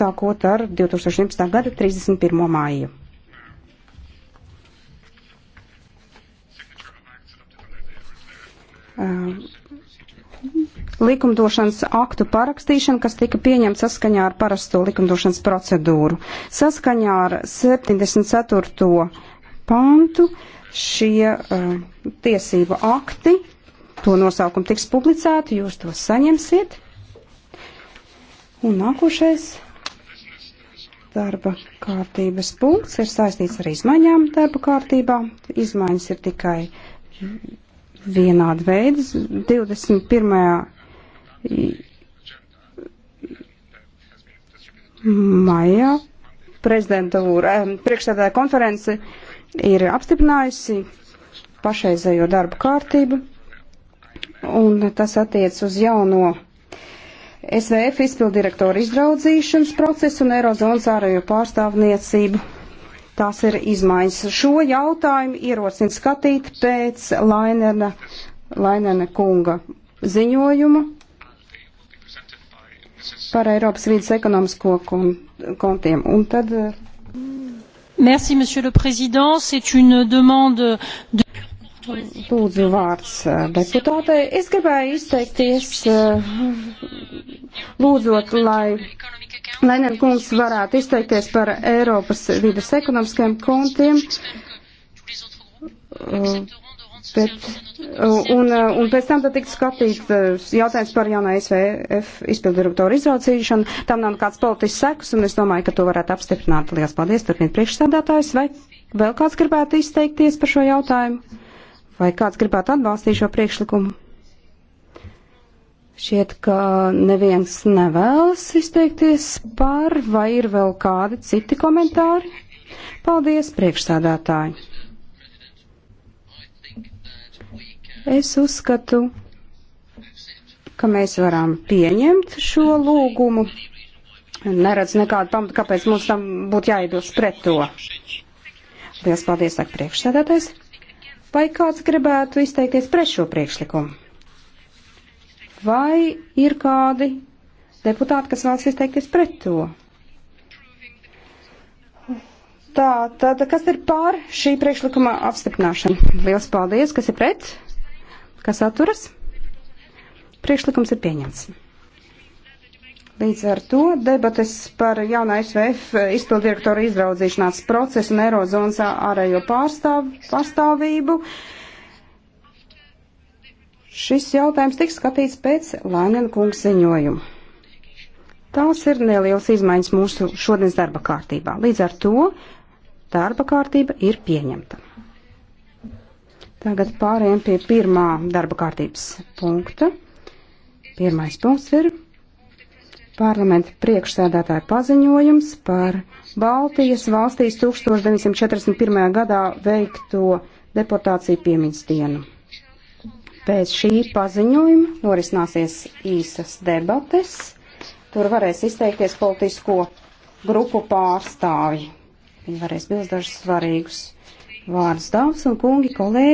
sākot ar 2011. gada 31. māju. Likumdošanas aktu parakstīšana, kas tika pieņemta saskaņā ar parasto likumdošanas procedūru. Saskaņā ar 74. pantu šie uh, tiesību akti, to nosaukumu tiks publicēti, jūs to saņemsiet. Un nākošais darba kārtības punkts ir saistīts ar izmaiņām darba kārtībā. Izmaiņas ir tikai vienāda veids. 21. maijā prezidentūra, priekšstādāja konference ir apstiprinājusi pašreizējo darbu kārtību, un tas attiec uz jauno SVF izpildirektora izraudzīšanas procesu un Eirozonas ārējo pārstāvniecību. Tās ir izmaiņas. Šo jautājumu ierosin skatīt pēc Lainena, Lainena kunga ziņojumu par Eiropas vīdes ekonomisko kontiem. Un tad eh, Merci, Monsieur le Président. C'est une demande de. Lūdzu vārds eh, deputātei. Es gribēju izteikties eh, lūdzot, lai Lenina kungs varētu izteikties par Eiropas vidas ekonomiskajiem kontiem. Uh, bet, uh, un, uh, un pēc tam tad tiks skatīts jautājums par jaunā SVF izpildirektoru izraucīšanu. Tam nav kāds politisks sekus, un es domāju, ka to varētu apstiprināt. Lielas paldies, turpiniet priekšsēdētājs. Vai vēl kāds gribētu izteikties par šo jautājumu? Vai kāds gribētu atbalstīt šo priekšlikumu? Šķiet, ka neviens nevēlas izteikties par, vai ir vēl kādi citi komentāri? Paldies, priekšsādātāji! Es uzskatu, ka mēs varam pieņemt šo lūgumu. Neredz nekādu pamatu, kāpēc mums tam būtu jāiebilst pret to. Lielas paldies, saka priekšsēdētājs. Vai kāds gribētu izteikties pret šo priekšlikumu? Vai ir kādi deputāti, kas vēlas izteikties pret to? Tā, tad kas ir pār šī priekšlikuma apstiprināšana? Liels paldies, kas ir pret, kas atturas. Priekšlikums ir pieņemts. Līdz ar to debates par jaunā SVF izpildirektora izraudzīšanās procesu un Eirozonas ārējo pārstāv, pārstāvību. Šis jautājums tiks skatīts pēc Lēnina kungs ziņojuma. Tās ir nelielas izmaiņas mūsu šodienas darba kārtībā. Līdz ar to darba kārtība ir pieņemta. Tagad pārējiem pie pirmā darba kārtības punkta. Pirmais punkts ir parlamenta priekšsēdētāja paziņojums par Baltijas valstīs 1941. gadā veikto deportāciju piemiņas dienu. Pēc šī paziņojuma norisināsies īsas debates. Tur varēs izteikties politisko grupu pārstāvji. Viņi varēs bilst dažus svarīgus vārdus. Dāmas un kungi, kolēģi!